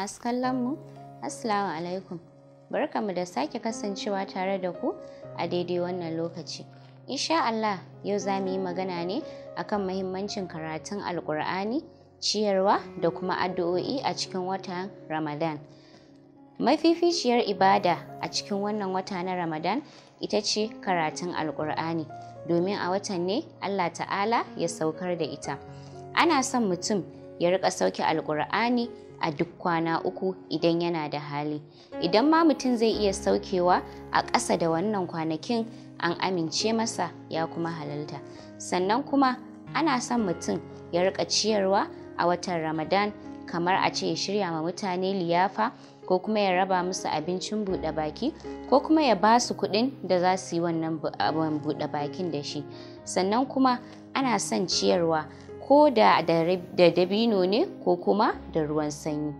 masu kallon mu assalamu alaikum barkamu da sake kasancewa tare da ku a daidai wannan lokaci insha Allah yau za mu yi magana ne akan mahimmancin karatun alkur'ani ciyarwa da kuma addu'o'i a cikin watan ramadan mafificiyar ibada a cikin wannan wata na ramadan ita ce karatun alkur'ani domin a watan ne allah ta'ala ya saukar da ita ana son mutum ya rika sauke alkur'ani a duk kwana uku idan yana da hali idan ma mutum zai iya saukewa a ƙasa da wannan kwanakin an amince masa ya kuma halalta sannan kuma ana son mutum ya rika ciyarwa a watan ramadan kamar a ce ya shirya ma mutane liyafa ko kuma ya raba musu abincin buɗe baki ko kuma ya ba su kuɗin da za su yi wannan buɗe bakin da shi sannan kuma ana son ciyarwa ko da da dabino ne ko kuma da ruwan sanyi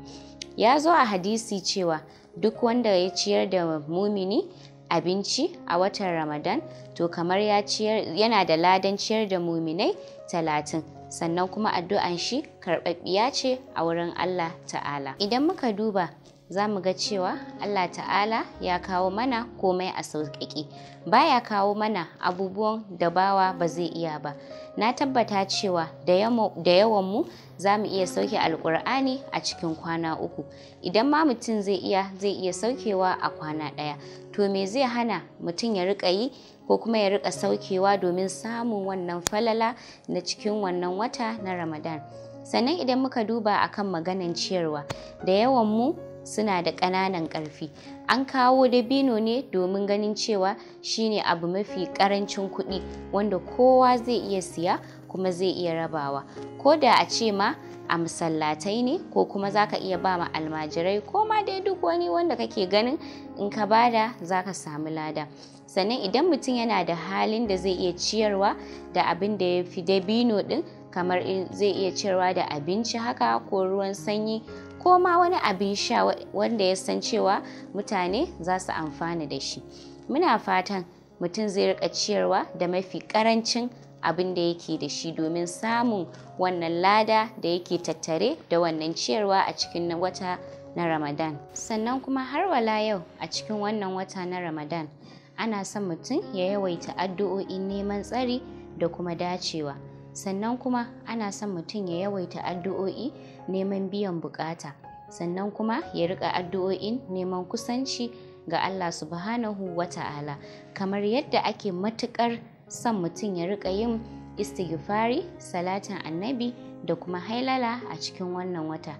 ya zo a hadisi cewa duk wanda ya ciyar da mumini abinci a watan ramadan to kamar yana da ladan ciyar da muminai talatin sannan kuma addu'an shi karɓaɓɓiya ce a wurin Allah ta'ala idan muka duba za mu ga cewa Allah ta'ala ya kawo mana komai a sauƙaƙe baya kawo mana abubuwan da bawa ba zai iya ba na tabbata cewa da yawanmu za mu iya sauke alƙur'ani a cikin kwana uku idan ma mutum zai iya zai iya saukewa a kwana ɗaya to me zai hana mutum ya riƙa yi ko kuma ya riƙa saukewa domin samun wannan falala na cikin wannan wata na ramadan sannan idan muka duba a kan maganan ciyarwa da yawan mu suna da ƙananan ƙarfi an kawo dabino ne domin ganin cewa shine abu mafi ƙarancin kuɗi wanda kowa zai iya siya kuma zai iya rabawa ko da a ce ma a masallatai ne ko kuma za ka iya ba ma almajirai ko ma dai duk wani wanda kake ganin in ka bada za ka samu lada sannan idan mutum yana da halin da zai iya ciyarwa da abin da ya fi dabino ɗin kamar zai iya ciyarwa da abinci haka ko ruwan sanyi ko ma wani abin sha wanda ya san cewa mutane za su amfana da shi muna fatan mutum zai rika ciyarwa da mafi karancin abin da yake da shi domin samun wannan lada da yake tattare da wannan ciyarwa a cikin wata na ramadan sannan kuma har wala yau a cikin wannan wata na ramadan ana son mutum ya yawaita addu'o'in neman tsari da kuma dacewa sannan kuma ana son mutum ya yawaita addu'o'i neman biyan bukata sannan kuma ya rika addu'o'in neman kusanci ga Allah subhanahu wa ta'ala kamar yadda ake matukar son mutum ya rika yin istighfari salatin annabi da kuma hailala a cikin wannan wata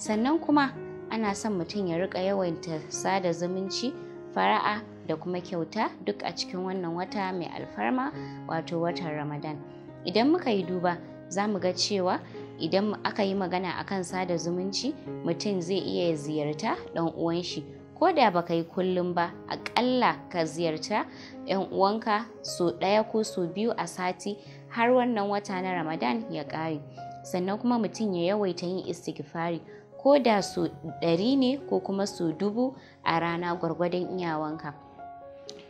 sannan kuma ana son mutum ya rika yawaita sada zumunci fara'a da kuma kyauta duk a cikin wannan wata mai alfarma wato watan ramadan idan muka yi duba za mu ga cewa idan aka yi magana a kan sada zumunci mutum zai iya ziyarta ɗan uwan shi ko da baka yi kullum ba aƙalla ka ziyarta 'yan uwanka so ɗaya ko so biyu a sati har wannan wata na ramadan ya ƙare sannan kuma mutum ya yawaita yin istighfari ko da so ɗari ne ko kuma so dubu a rana gwargwadon iyawanka.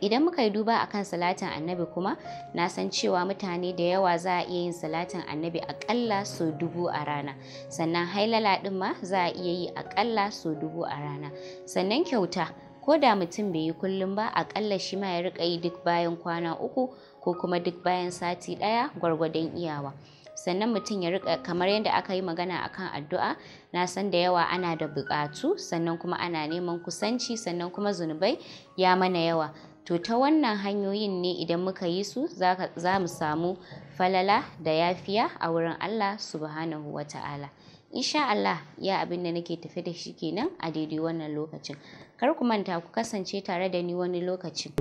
idan muka yi duba akan salatin annabi kuma na san cewa mutane da yawa za a iya yin salatin annabi akalla sau dubu a rana sannan hailala ɗin ma za a iya yi akalla sau dubu a rana sannan kyauta ko da mutum bai yi kullum ba akalla shi ma ya rika yi duk bayan kwana uku ko kuma duk bayan sati ɗaya gwargwadon iyawa sannan mutum ya rika kamar yadda aka yi magana akan addu'a na san da yawa ana da buƙatu sannan kuma ana neman kusanci sannan kuma zunubai ya mana yawa to ta wannan hanyoyin ne idan muka yi su za mu samu falala da yafiya a wurin Allah subhanahu wa ta'ala insha Allah ya abin da nake tafe da shi kenan a daidai wannan lokacin kar ku manta ku kasance tare da ni wani lokacin